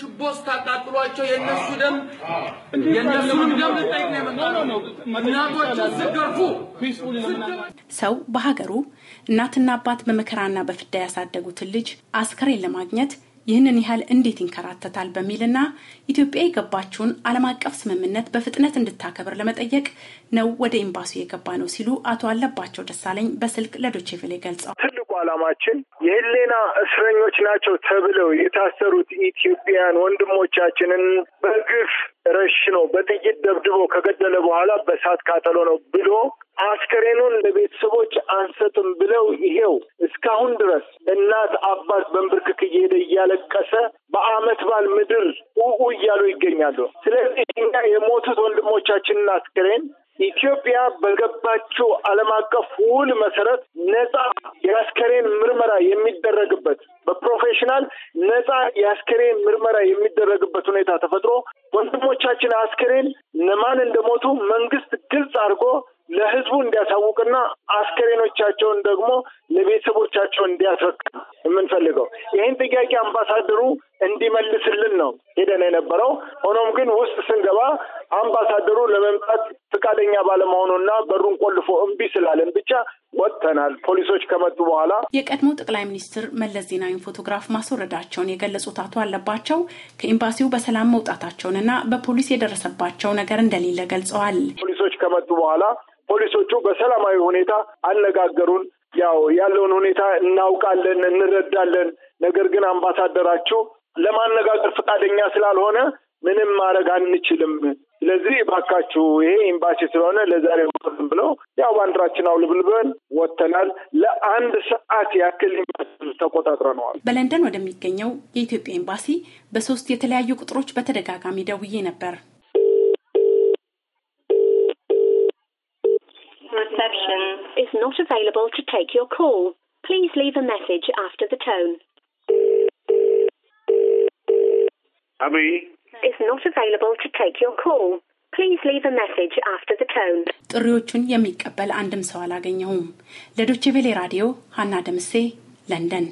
ችቦ ስታቃጥሏቸው ደም ደም ልጠይቅ ነው እናቶችን ስገርፉ ሰው በሀገሩ እናትና አባት በመከራና በፍዳ ያሳደጉትን ልጅ አስከሬን ለማግኘት ይህንን ያህል እንዴት ይንከራተታል? በሚልና ኢትዮጵያ የገባችውን ዓለም አቀፍ ስምምነት በፍጥነት እንድታከብር ለመጠየቅ ነው ወደ ኤምባሲው የገባ ነው ሲሉ አቶ አለባቸው ደሳለኝ በስልክ ለዶቼ ቬለ ገልጸዋል። ዓላማችን የህሌና እስረኞች ናቸው ተብለው የታሰሩት ኢትዮጵያውያን ወንድሞቻችንን በግፍ ነው በጥይት ደብድቦ ከገደለ በኋላ በሳት ካተሎ ነው ብሎ አስከሬኑን ለቤተሰቦች አንሰጥም ብለው ይሄው እስካሁን ድረስ እናት አባት በንብርክክ እየሄደ እያለቀሰ በአመት ባል ምድር ኡኡ እያሉ ይገኛሉ። ስለዚህ እኛ የሞቱት ወንድሞቻችንን አስከሬን ኢትዮጵያ በገባችው ዓለም አቀፍ ውል መሰረት ነጻ የአስከሬን ምርመራ የሚደረግበት በፕሮፌሽናል ነጻ የአስከሬን ምርመራ የሚደረግበት ሁኔታ ተፈጥሮ ወንድሞቻችን አስከሬን ለማን እንደሞቱ መንግስት ግልጽ አድርጎ ለህዝቡ እንዲያሳውቅና አስከሬኖቻቸውን ደግሞ ለቤተሰቦቻቸው እንዲያስረክ የምንፈልገው ይህን ጥያቄ አምባሳደሩ እንዲመልስልን ነው ሄደን የነበረው። ሆኖም ግን ውስጥ ስንገባ አምባሳደሩ ለመምጣት ፈቃደኛ ባለመሆኑና በሩን ቆልፎ እምቢ ስላለን ብቻ ወጥተናል። ፖሊሶች ከመጡ በኋላ የቀድሞ ጠቅላይ ሚኒስትር መለስ ዜናዊን ፎቶግራፍ ማስወረዳቸውን የገለጹት አቶ አለባቸው ከኤምባሲው በሰላም መውጣታቸውንና በፖሊስ የደረሰባቸው ነገር እንደሌለ ገልጸዋል። ፖሊሶች ከመጡ በኋላ ፖሊሶቹ በሰላማዊ ሁኔታ አነጋገሩን። ያው ያለውን ሁኔታ እናውቃለን፣ እንረዳለን። ነገር ግን አምባሳደራቸው ለማነጋገር ፈቃደኛ ስላልሆነ ምንም ማድረግ አንችልም። ስለዚህ ባካችሁ ይሄ ኤምባሲ ስለሆነ ለዛሬ ወጥም ብለው ያው ባንዲራችን አውልብልበን ወጥተናል። ለአንድ ሰዓት ያክል ተቆጣጥረነዋል። በለንደን ወደሚገኘው የኢትዮጵያ ኤምባሲ በሶስት የተለያዩ ቁጥሮች በተደጋጋሚ ደውዬ ነበር። Reception is not available to take your call. Please leave a message after the tone. Abby. is not available to take your call. Please leave a message after the tone. ጥሪዎቹን የሚቀበል አንድም ሰው አላገኘሁም። ለዶቼ ቬሌ ራዲዮ ሀና ደምሴ ለንደን